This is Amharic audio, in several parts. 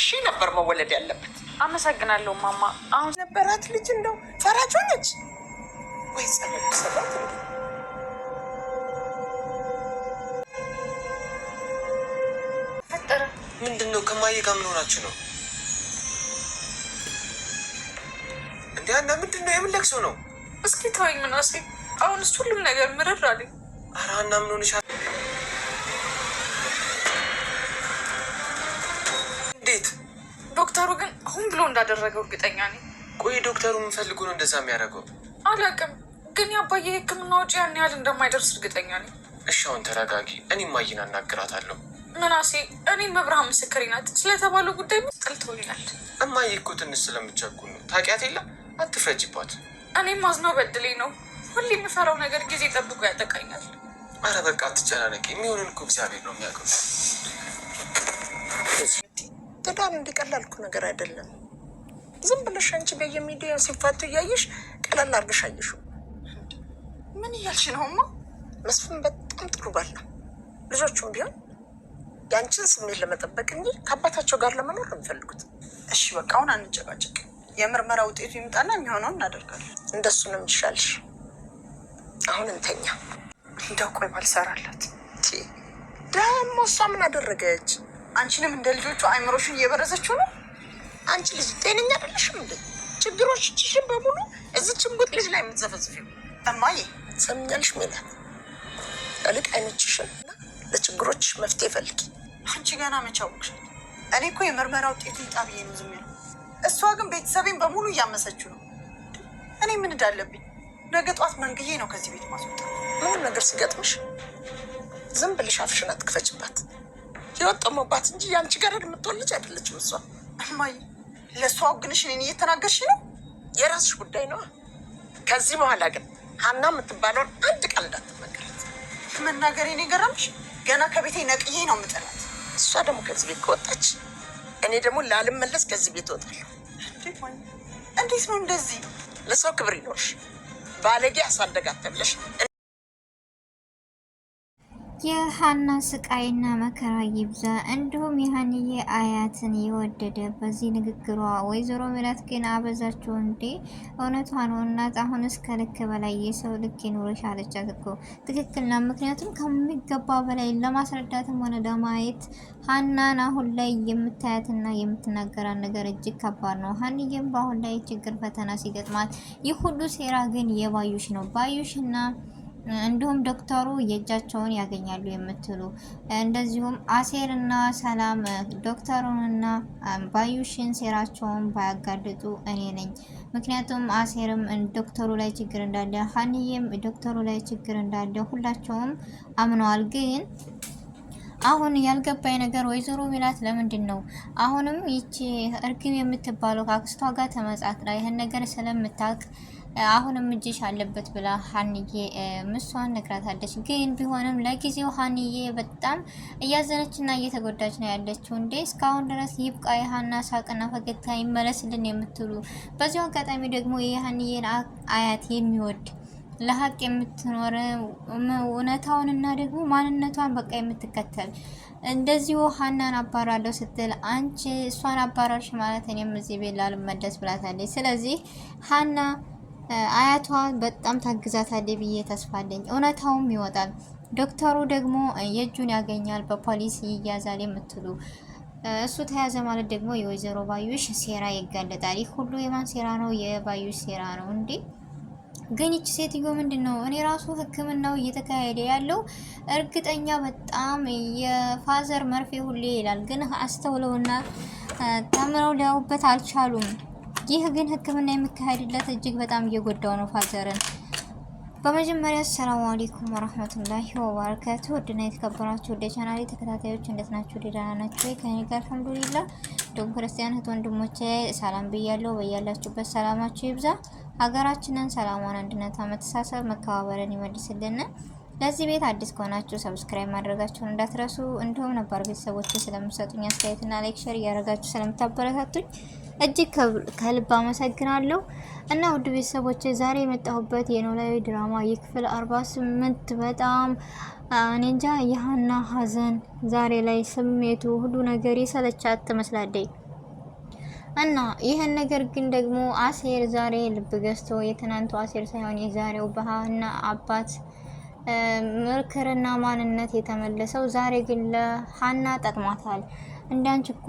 ሺ ነበር መወለድ ያለበት። አመሰግናለሁ ማማ። አሁን ነበራት ልጅ እንደው ፈራጅ ሆነች ወይ ጸበሉ ሰራት። ምንድን ነው ጋር ምን ሆናችሁ ነው እንዴ? እና ምንድን ነው የምንለቅሰው ነው? እስኪ ተወኝ ምናሴ። አሁንስ ሁሉም ነገር ምርር አለኝ። ኧረ ሀና ምን ሆንሻል? ብሎ እንዳደረገው እርግጠኛ ነኝ። ቆይ ዶክተሩ የምንፈልጉ ነው እንደዛ የሚያደርገው? አላውቅም፣ ግን የአባዬ የህክምና ውጪ ያን ያህል እንደማይደርስ እርግጠኛ ነኝ። እሺ አሁን ተረጋጊ፣ እኔም ማይን አናግራታለሁ። ምናሴ፣ እኔም መብርሃን ምስክሬ ናት። ስለተባለው ጉዳይ ጠልቶኛል። እማዬ እኮ ትንሽ ስለምቸኩል ነው። ታውቂያት የለም አትፍረጅባት። እኔም አዝነው በድሌ ነው። ሁሌ የምፈራው ነገር ጊዜ ጠብቆ ያጠቃኛል። አረ በቃ አትጨናነቂ፣ የሚሆንን እኮ እግዚአብሔር ነው የሚያውቀው። ትዳር እንዲቀላል ነገር አይደለም። ዝም ብለሽ አንቺ በየሚዲያው ሲፋቱ እያየሽ ቀለል አድርገሽ አየሽው። ምን እያልሽ ነውማ? መስፍን በጣም ጥሩ ባል ነው። ልጆቹም ቢሆን የአንቺን ስሜት ለመጠበቅ እንጂ ከአባታቸው ጋር ለመኖር ነው የሚፈልጉት። እሺ በቃ አሁን አንጨቃጭቅ። የምርመራ ውጤቱ ይምጣና የሚሆነውን እናደርጋለን። እንደሱ ነው የሚሻልሽ። አሁን እንተኛ። እንደው ቆይ ባልሰራላት ደግሞ እሷ ምን አደረገች? አንቺንም እንደ ልጆቹ አይምሮሽን እየበረዘችው ነው አንቺ ልጅ ጤነኛ አይደለሽም እንዴ? ችሽን በሙሉ እዚህ ችንጉጥ ልጅ ላይ የምትዘፈዝፊው እማዬ ሰምኛልሽ ሜላት፣ እልቅ አይነችሽን እና ለችግሮች መፍትሄ ፈልጊ። አንቺ ገና መቻወቅሽ። እኔ እኮ የምርመራ ውጤቱ ይጣ ብዬ ነው ዝም ያለው። እሷ ግን ቤተሰቤን በሙሉ እያመሰችው ነው። እኔ ምን እዳለብኝ? ነገ ጠዋት መንግዬ ነው ከዚህ ቤት ማስወጣ። ምንም ነገር ሲገጥምሽ ዝም ብልሽ አፍሽን አትክፈችባት። የወጠመባት እንጂ ያንቺ ጋር የምትወልጅ አይደለችም እሷ እማዬ ለእሷ አውግንሽ እየተናገርሽ ነው። የራስሽ ጉዳይ ነው። ከዚህ በኋላ ግን ሀና የምትባለውን አንድ ቃል እንዳትመገረት። መናገር ኔ ገረምሽ? ገና ከቤቴ ነቅዬ ነው የምጠላት። እሷ ደግሞ ከዚህ ቤት ከወጣች እኔ ደግሞ ላልመለስ ከዚህ ቤት እወጣለሁ። እንዴት ነው እንደዚህ? ለሰው ክብር ይኖርሽ። ባለጌ አሳደጋት ተብለሽ የሀና ስቃይና መከራ ይብዛ። እንዲሁም የሀንዬ አያትን የወደደ በዚህ ንግግሯ ወይዘሮ ሜላት ግን አበዛቸው እንዴ! እውነቷ ነው እናት፣ አሁን እስከ ልክ በላይ የሰው ልክ ይኑርሽ አለቻት እኮ ትክክልና፣ ምክንያቱም ከሚገባ በላይ ለማስረዳትም ሆነ ለማየት ሀናን አሁን ላይ የምታያትና የምትናገራት ነገር እጅግ ከባድ ነው። ሀንዬም በአሁን ላይ ችግር ፈተና ሲገጥማት ይህ ሁሉ ሴራ ግን የባዩሽ ነው ባዩሽና እንዲሁም ዶክተሩ የእጃቸውን ያገኛሉ የምትሉ እንደዚሁም አሴርና ሰላም ዶክተሩንና ባዩሽን ሴራቸውን ባያጋልጡ እኔ ነኝ። ምክንያቱም አሴርም ዶክተሩ ላይ ችግር እንዳለ፣ ሀኒዬም ዶክተሩ ላይ ችግር እንዳለ ሁላቸውም አምነዋል ግን አሁን ያልገባኝ ነገር ወይዘሮ ሚላት ለምንድን ነው አሁንም ይቺ እርግብ የምትባለው ከአክስቷ ጋር ተመጻት ላይ ይህን ነገር ስለምታውቅ አሁንም እጅሽ አለበት ብላ ሀንዬ ምሷን ነግራታለች። ግን ቢሆንም ለጊዜው ሀንዬ በጣም እያዘነች እና እየተጎዳች ነው ያለችው። እንዴ እስካሁን ድረስ ይብቃ የሀና ሳቅና ፈገግታ ይመለስልን የምትሉ በዚሁ አጋጣሚ ደግሞ የሀንዬን አያት የሚወድ ለሀቅ የምትኖር እውነታውንና ደግሞ ማንነቷን በቃ የምትከተል እንደዚሁ ሀናን አባራለሁ ስትል አንቺ እሷን አባራርሽ ማለት እኔም እዚህ ቤት ላልመለስ ብላታለች። ስለዚህ ሀና አያቷ በጣም ታግዛታለች ብዬ ተስፋ አለኝ። እውነታውም ይወጣል። ዶክተሩ ደግሞ የእጁን ያገኛል፣ በፖሊስ ይያዛል የምትሉ እሱ ተያዘ ማለት ደግሞ የወይዘሮ ባዩሽ ሴራ ይጋለጣል። ይህ ሁሉ የማን ሴራ ነው? የባዩሽ ሴራ ነው እንዴ? ግን ይቺ ሴትዮ ምንድን ነው? እኔ ራሱ ሕክምናው እየተካሄደ ያለው እርግጠኛ በጣም የፋዘር መርፌ ሁሌ ይላል፣ ግን አስተውለውና ተምረው ሊያውበት አልቻሉም። ይህ ግን ህክምና የሚካሄድለት እጅግ በጣም እየጎዳው ነው ፋዘርን። በመጀመሪያ አሰላሙ አለይኩም ወራህመቱላሂ ወበረካቱ። ውድና የተከበራችሁ ወደ ቻናሌ ተከታታዮች እንዴት ናችሁ? ደህና ናችሁ ከኔ ጋር አልሐምዱሊላ። እንዲሁም ክርስቲያን እህት ወንድሞቼ ሰላም ብያለሁ። በያላችሁበት ሰላማችሁ ይብዛ። ሀገራችንን ሰላሟን፣ አንድነት፣ መተሳሰብ፣ መከባበርን ይመልስልን። ለዚህ ቤት አዲስ ከሆናችሁ ሰብስክራይብ ማድረጋችሁን እንዳትረሱ። እንዲሁም ነባር ቤተሰቦች ስለምሰጡኝ አስተያየትና ላይክ፣ ሼር እያደረጋችሁ ስለምታበረታቱኝ እጅግ ከልብ አመሰግናለሁ። እና ውድ ቤተሰቦች ዛሬ የመጣሁበት የኖላዊ ድራማ የክፍል አርባ ስምንት በጣም እኔ እንጃ የሀና ሀዘን ዛሬ ላይ ስሜቱ ሁሉ ነገር የሰለቻት ትመስላለች። እና ይህን ነገር ግን ደግሞ አሴር ዛሬ ልብ ገዝቶ የትናንቱ አሴር ሳይሆን የዛሬው በሀና አባት ምርክርና ማንነት የተመለሰው ዛሬ ግን ለሀና ጠቅሟታል። እንዳንቺ እኮ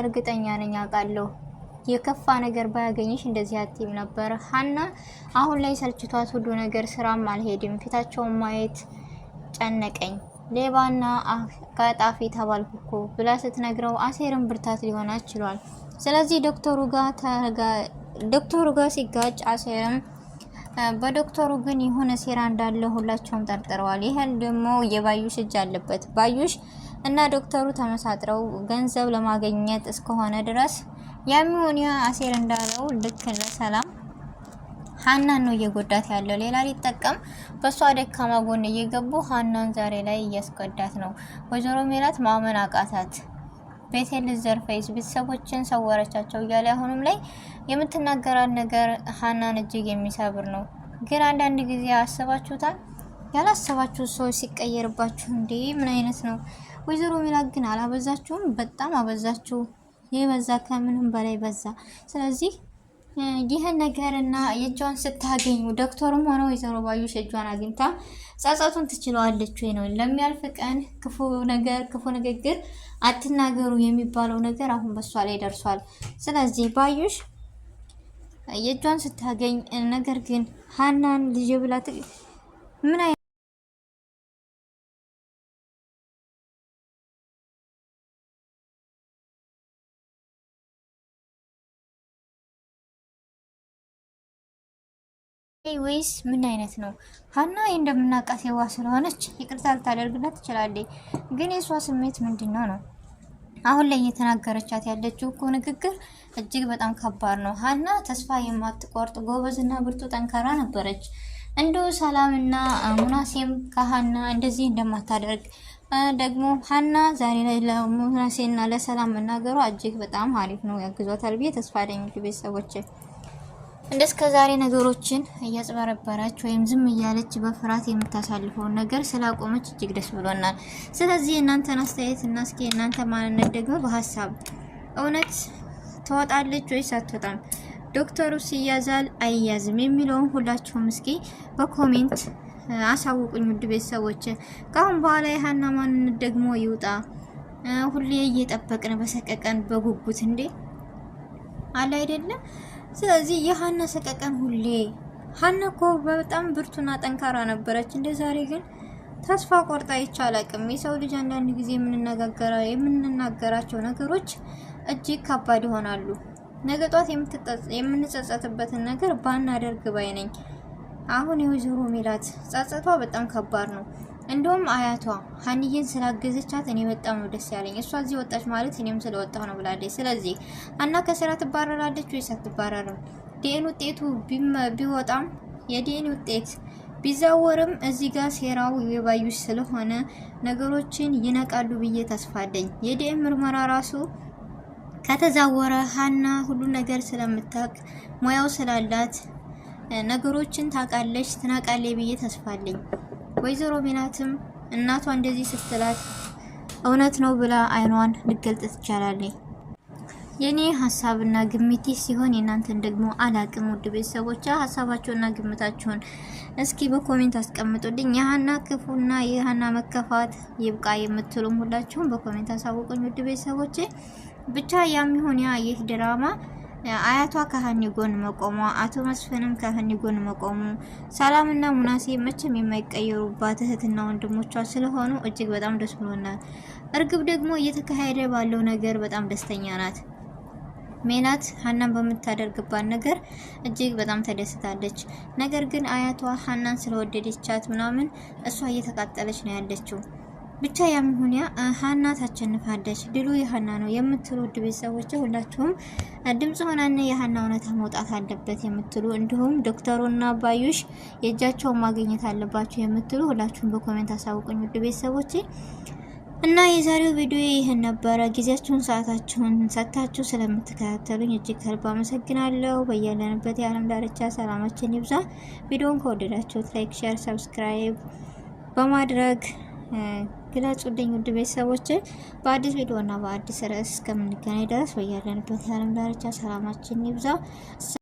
እርግጠኛ ነኝ አውቃለሁ የከፋ ነገር ባያገኝሽ እንደዚህ አትይም ነበር። ሀና አሁን ላይ ሰልችቷት ሁሉ ነገር ስራም አልሄድም፣ ፊታቸውን ማየት ጨነቀኝ፣ ሌባና ቀጣፊ ተባልኩ እኮ ብላ ስትነግረው አሴርን ብርታት ሊሆናት ችሏል። ስለዚህ ዶክተሩ ጋር ሲጋጭ አሴርም በዶክተሩ ግን የሆነ ሴራ እንዳለ ሁላቸውም ጠርጥረዋል። ይህን ደግሞ የባዩሽ እጅ አለበት። ባዩሽ እና ዶክተሩ ተመሳጥረው ገንዘብ ለማግኘት እስከሆነ ድረስ የሚሆን አሴር እንዳለው ልክ ለሰላም ሀናን ነው እየጎዳት ያለው። ሌላ ሊጠቀም በእሷ ደካማ ጎን እየገቡ ሀናን ዛሬ ላይ እያስጎዳት ነው። ወይዘሮ ሜላት ማመን አቃታት። ቤቴን ልዘርፈይስ ቤተሰቦችን ሰወረቻቸው እያለ አሁንም ላይ የምትናገራት ነገር ሀናን እጅግ የሚሰብር ነው። ግን አንዳንድ ጊዜ አስባችሁታል? ያላሰባችሁ ሰዎች ሲቀየርባችሁ እንዴ ምን አይነት ነው? ወይዘሮ ሚላት ግን አላበዛችሁም? በጣም አበዛችሁ። ይህ በዛ ከምንም በላይ በዛ። ስለዚህ ይህን ነገርና የእጇን ስታገኙ ዶክተሩም ሆነ ወይዘሮ ባዩሽ የእጇን አግኝታ ጸጸቱን ትችለዋለች ወይ ነው። ለሚያልፍ ቀን ክፉ ነገር ክፉ ንግግር አትናገሩ የሚባለው ነገር አሁን በሷ ላይ ደርሷል። ስለዚህ ባዩሽ የእጇን ስታገኝ ነገር ግን ሀናን ልጅ ብላ ምን ወይስ ምን አይነት ነው? ሀና እንደምናውቃት የዋ ስለሆነች ይቅርታ ልታደርግላት ትችላለች። ግን የእሷ ስሜት ምንድን ነው ነው አሁን ላይ እየተናገረቻት ያለችው እኮ ንግግር እጅግ በጣም ከባድ ነው። ሀና ተስፋ የማትቆርጥ ጎበዝና ብርቱ ጠንካራ ነበረች። እንዶ ሰላምና ሙናሴም ከሀና እንደዚህ እንደማታደርግ ደግሞ ሀና ዛሬ ላይ ለሙናሴና ለሰላም መናገሯ እጅግ በጣም አሪፍ ነው፣ ያግዟታል ብዬ ተስፋ አለኝ ቤተሰቦች እንደስከ ዛሬ ነገሮችን እያጽበረበረች ወይም ዝም እያለች በፍርሃት የምታሳልፈውን ነገር ስላቆመች እጅግ ደስ ብሎናል። ስለዚህ እናንተን አስተያየት እና እስኪ እናንተ ማንነት ደግሞ በሀሳብ እውነት ትወጣለች ወይስ አትወጣም፣ ዶክተሩስ ይያዛል አይያዝም የሚለውን ሁላችሁም እስኪ በኮሜንት አሳውቁኝ። ውድ ቤተሰቦች ከአሁን በኋላ የሀና ማንነት ደግሞ ይውጣ። ሁሌ እየጠበቅን በሰቀቀን በጉጉት እንዴ አለ አይደለም ስለዚህ የሀና ሰቀቀን ሁሌ ሀና እኮ በጣም ብርቱና ጠንካራ ነበረች። እንደ ዛሬ ግን ተስፋ ቆርጣ ይቻላቅም። የሰው ልጅ አንዳንድ ጊዜ የምንናገራቸው ነገሮች እጅግ ከባድ ይሆናሉ። ነገ ጧት የምንጸጸትበትን ነገር ባናደርግ ባይ ነኝ። አሁን የወይዘሮ ሜላት ጸጸቷ በጣም ከባድ ነው። እንደውም አያቷ ሀንዬን ስላገዘቻት እኔ በጣም ነው ደስ ያለኝ። እሷ እዚህ ወጣች ማለት እኔም ስለወጣሁ ነው ብላለች። ስለዚህ አና ከስራ ትባረራለች ወይስ አትባረርም? ዲኤን ውጤቱ ቢወጣም የዲኤን ውጤት ቢዛወርም እዚህ ጋር ሴራው የባዩሽ ስለሆነ ነገሮችን ይነቃሉ ብዬ ተስፋ አለኝ። የዲኤን ምርመራ ራሱ ከተዛወረ ሀና ሁሉ ነገር ስለምታውቅ ሙያው ስላላት ነገሮችን ታውቃለች፣ ትናቃለች ብዬ ተስፋ አለኝ። ወይዘሮ ሜላትም እናቷ እንደዚህ ስትላት እውነት ነው ብላ አይኗን ልገልጥ ትቻላለች። የኔ ሀሳብና ግምቴ ሲሆን የእናንተን ደግሞ አላቅም። ውድ ቤተሰቦች ሀሳባችሁና ግምታችሁን እስኪ በኮሜንት አስቀምጡልኝ። የሀና ክፉና የሀና መከፋት ይብቃ የምትሉም ሁላችሁም በኮሜንት አሳውቁኝ። ውድ ቤተሰቦቼ ብቻ ያም ይሁን ያ ይህ ድራማ አያቷ ከሀኒ ጎን መቆሟ፣ አቶ መስፍንም ከሀኒ ጎን መቆሙ፣ ሰላምና ሙናሴ መቼም የማይቀየሩባት እህትና ወንድሞቿ ስለሆኑ እጅግ በጣም ደስ ብሎናል። እርግብ ደግሞ እየተካሄደ ባለው ነገር በጣም ደስተኛ ናት። ሜላት ሀናን በምታደርግባት ነገር እጅግ በጣም ተደስታለች። ነገር ግን አያቷ ሀናን ስለወደደቻት ምናምን እሷ እየተቃጠለች ነው ያለችው። ብቻ ያም ሆነ ሀና ታቸንፋለች፣ ድሉ የሀና ነው የምትሉ ውድ ቤተሰቦች ሁላችሁም ድምፅ ሆናን የሀና እውነታ መውጣት አለበት የምትሉ እንዲሁም ዶክተሩና ባዩሽ የእጃቸውን ማግኘት አለባቸው የምትሉ ሁላችሁም በኮሜንት አሳውቁኝ ውድ ቤተሰቦቼ። እና የዛሬው ቪዲዮ ይህን ነበረ። ጊዜያችሁን ሰዓታችሁን ሰጥታችሁ ስለምትከታተሉኝ እጅግ ከልብ አመሰግናለሁ። በያለንበት የዓለም ዳርቻ ሰላማችን ይብዛ። ቪዲዮውን ከወደዳችሁት ላይክ፣ ሼር፣ ሰብስክራይብ በማድረግ ግለጹልኝ ውድ ቤተሰቦች። በአዲስ ቪዲዮና በአዲስ ርዕስ እስከምንገናኝ ድረስ በያለንበት የዓለም ዳርቻ ሰላማችን ይብዛ።